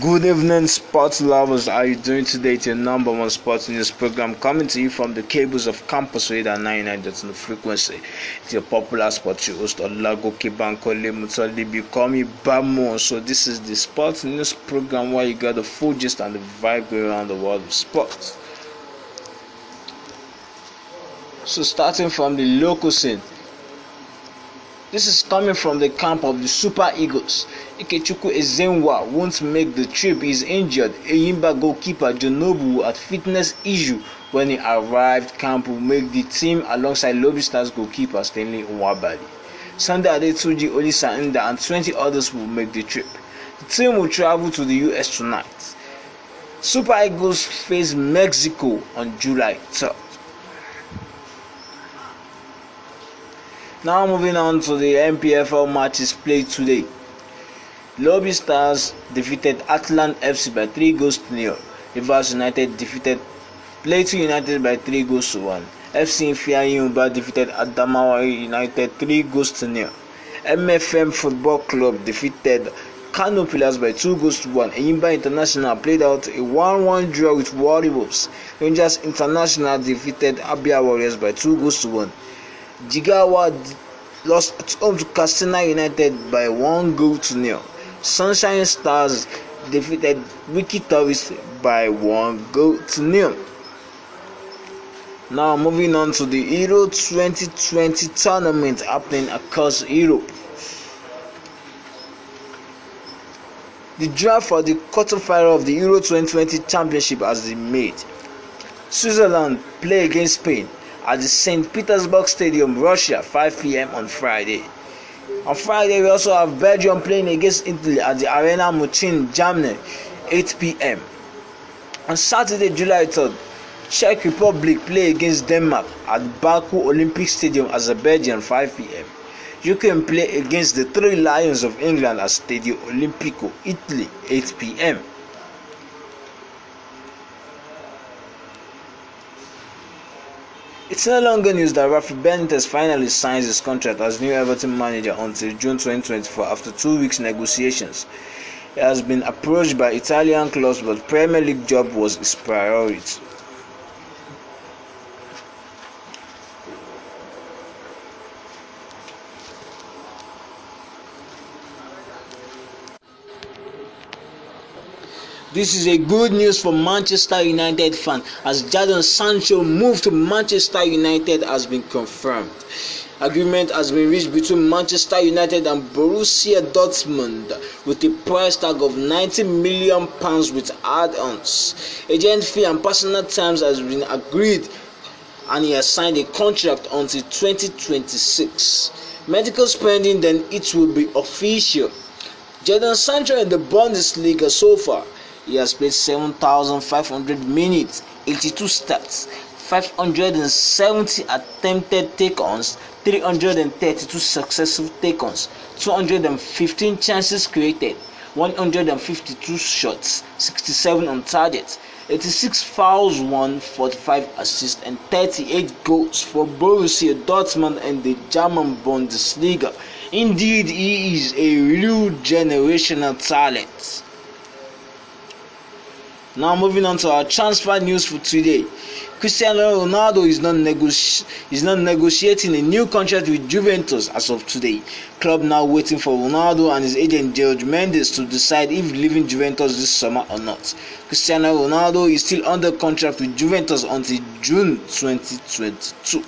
Good evening, sports lovers. How are you doing today? It's your number one sports news program coming to you from the cables of Campus Radar 99.0 frequency. It's your popular sports you host, Olago Kibanko Lemutolibi. Call me Bamo. So, this is the sports news program where you get the full gist and the vibe going around the world of sports. So, starting from the local scene. This is coming from the camp of the Super Eagles. Ikechukwu Ezenwa won't make the trip. He's injured. Eyimba goalkeeper Jonobu had fitness issue when he arrived. Camp will make the team alongside Lobby goalkeeper Stanley Nwabali. Sunday Adetuji Olisanda and 20 others will make the trip. The team will travel to the US tonight. Super Eagles face Mexico on July 3rd. Now moving on to the MPFL matches played today. Lobby Stars defeated Atlant FC by 3 goals to nil. Rivers United defeated Plateau United by 3 goals to 1. FC Ifeanyi defeated Adamawa United 3 goals to nil. MFM Football Club defeated Kano Pillars by 2 goals to 1. Eyimba International played out a 1-1 draw with Warriors. Rangers International defeated Abia Warriors by 2 goals to 1. Jigawa lost at home to Casina United by one goal to nil. Sunshine Stars defeated Wiki Tourist by one goal to nil. Now moving on to the Euro 2020 tournament happening across Europe. The draft for the quarterfinal of the Euro 2020 Championship has been made. Switzerland play against Spain. at the St. Petersburg Stadium, Russia, 5 p.m. on Friday. On Friday, we also have Belgium playing against Italy at the Arena Mutin, Germany, 8 p.m. On Saturday, July 3rd, Czech Republic play against Denmark at Baku Olympic Stadium, Azerbaijan, 5 p.m. Ukraine play against the Three Lions of England at Stadio Olimpico, Italy, 8 p.m. It's no longer news that Rafi Benitez finally signs his contract as new Everton manager until June 2024 after two weeks negotiations. He has been approached by Italian clubs but Premier League job was his priority. This is a good news for Manchester United fans as Jadon Sancho move to Manchester United has been confirmed. Agreement has been reached between Manchester United and Borussia Dortmund with a price tag of 90 million pounds with add-ons. Agent fee and personal terms has been agreed and he has signed a contract until 2026. Medical spending then it will be official. Jadon Sancho in the Bundesliga so far He has played 7,500 minutes, 82 starts, 570 attempted take-ons, 332 successful take-ons, 215 chances created, 152 shots, 67 on target, 86 fouls won, 45 assists, and 38 goals for Borussia Dortmund and the German Bundesliga. Indeed, he is a real generational talent. Now moving on to our transfer news for today. Cristiano Ronaldo is not, negoti- is not negotiating a new contract with Juventus as of today. Club now waiting for Ronaldo and his agent George Mendes to decide if leaving Juventus this summer or not. Cristiano Ronaldo is still under contract with Juventus until June 2022.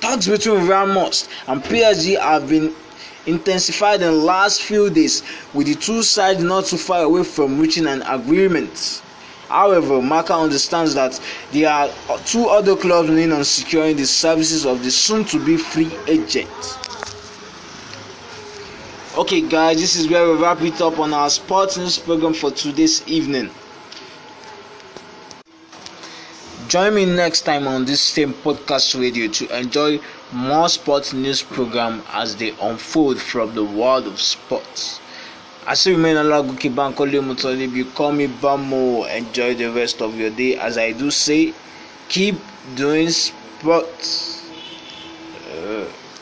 Talks between Ramos and PSG have been intensified in the last few days, with the two sides not too far away from reaching an agreement. However, Maka understands that there are two other clubs running on securing the services of the soon to be free agent. Okay, guys, this is where we wrap it up on our sports news program for today's evening. Join me next time on this same podcast radio to enjoy more sports news program as they unfold from the world of sports. I still remain Alagoki Bankole Mutoni. You call me Bamo. Enjoy the rest of your day. As I do say, keep doing sports.